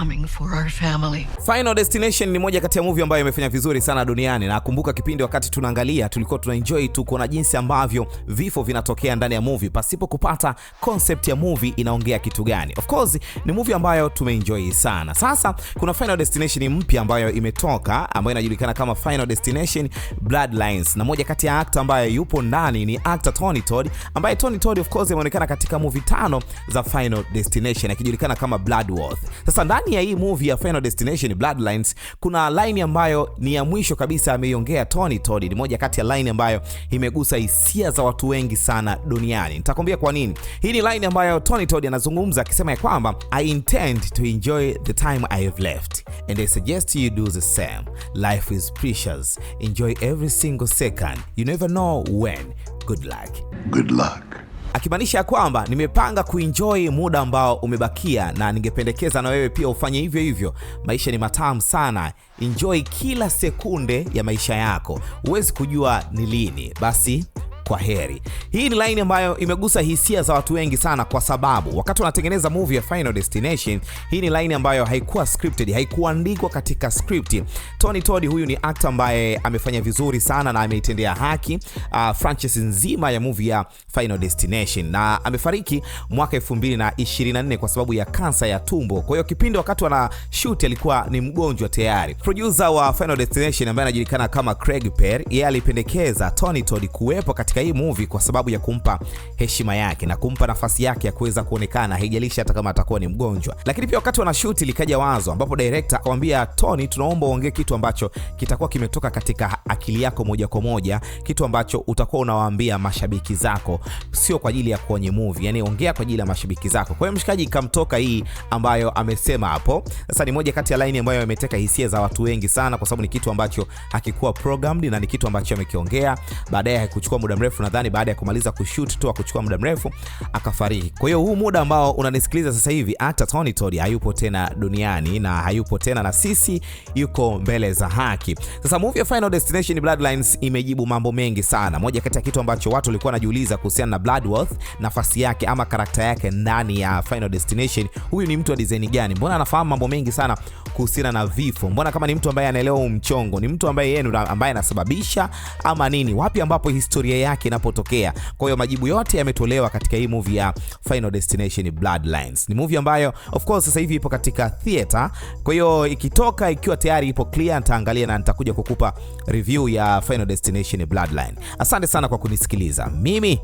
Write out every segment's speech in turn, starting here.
coming for our family. Final Destination ni moja kati ya movie ambayo imefanya vizuri sana duniani. Nakumbuka kipindi wakati tunaangalia, tulikuwa tuna enjoy tu kuona jinsi ambavyo vifo vinatokea ndani ya movie pasipo kupata concept ya movie inaongea kitu gani. Of course ni movie ambayo tumeenjoy sana. Sasa kuna Final Destination mpya ambayo imetoka ambayo inajulikana kama Final Destination Bloodlines, na moja kati ya actor ambaye yupo ndani ni actor Tony Todd ambaye Tony Todd of course ameonekana katika movie tano za Final Destination akijulikana kama Bloodworth. Sasa ndani ndani ya hii movie ya Final Destination Bloodlines kuna line ambayo ni ya mwisho kabisa ameiongea Tony Todd. Ni moja kati ya line ambayo imegusa hisia za watu wengi sana duniani. Nitakwambia kwa nini. Hii ni line ambayo Tony Todd anazungumza akisema ya kwamba I intend to enjoy the time I have left and I suggest you do the same. Life is precious. Enjoy every single second. You never know when. Good luck. Good luck akimaanisha ya kwamba nimepanga kuenjoy muda ambao umebakia, na ningependekeza na wewe pia ufanye hivyo hivyo. Maisha ni matamu sana, enjoy kila sekunde ya maisha yako, huwezi kujua ni lini. Basi kwa heri. Hii ni line ambayo imegusa hisia za watu wengi sana, kwa sababu wakati wanatengeneza movie ya Final Destination, hii ni line ambayo haikuwa scripted, haikuandikwa katika script. Tony Todd huyu ni actor ambaye amefanya vizuri sana na ameitendea haki uh, franchise nzima ya movie ya Final Destination, na amefariki mwaka 2024 kwa sababu ya kansa ya tumbo. Kwa hiyo kipindi wakati wana shoot alikuwa ni mgonjwa tayari. Producer wa Final Destination ambaye anajulikana kama Craig Peer, yeye alipendekeza Tony Todd kuwepo katika katika hii movie kwa sababu ya kumpa heshima yake na kumpa nafasi yake ya kuweza kuonekana, haijalishi hata kama atakuwa ni mgonjwa. Lakini pia wakati wana shoot likaja wazo ambapo director akamwambia Tony, tunaomba uongee kitu ambacho kitakuwa kimetoka katika akili yako moja kwa moja, kitu ambacho utakuwa unawaambia mashabiki zako, sio kwa ajili ya kwenye movie, yani ongea kwa ajili ya mashabiki zako. Kwa hiyo mshikaji ikamtoka hii ambayo amesema hapo. Sasa ni moja kati ya line ambayo imeteka hisia za watu wengi sana, kwa sababu ni kitu ambacho hakikuwa programmed na ni kitu ambacho amekiongea baadaye, haikuchukua muda mrefu, nadhani baada ya kumaliza kushoot tu akuchukua muda mrefu akafariki. Kwa hiyo huu muda ambao unanisikiliza sasa hivi, hata Tony Todd hayupo tena duniani na hayupo tena na sisi, yuko mbele za haki. Sasa movie ya Final Destination Bloodlines imejibu mambo mengi sana. Moja kati ya kitu ambacho watu walikuwa wanajiuliza kuhusiana na Bloodworth, nafasi yake ama karakta yake ndani ya Final Destination, huyu ni mtu wa design gani? Mbona anafahamu mambo mengi sana kuhusiana na vifo? Mbona kama ni mtu ambaye anaelewa umchongo, ni mtu ambaye yeye ambaye anasababisha ama nini? Wapi ambapo historia yake inapotokea. Kwa hiyo majibu yote yametolewa katika hii movie ya Final Destination Bloodlines. Ni movie ambayo of course sasa hivi ipo katika theater. Kwa hiyo ikitoka ikiwa tayari ipo clear, nitaangalia na nitakuja kukupa review ya Final Destination Bloodline. Asante sana kwa kunisikiliza. Mimi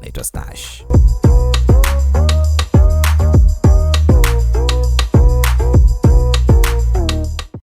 naitwa Stash.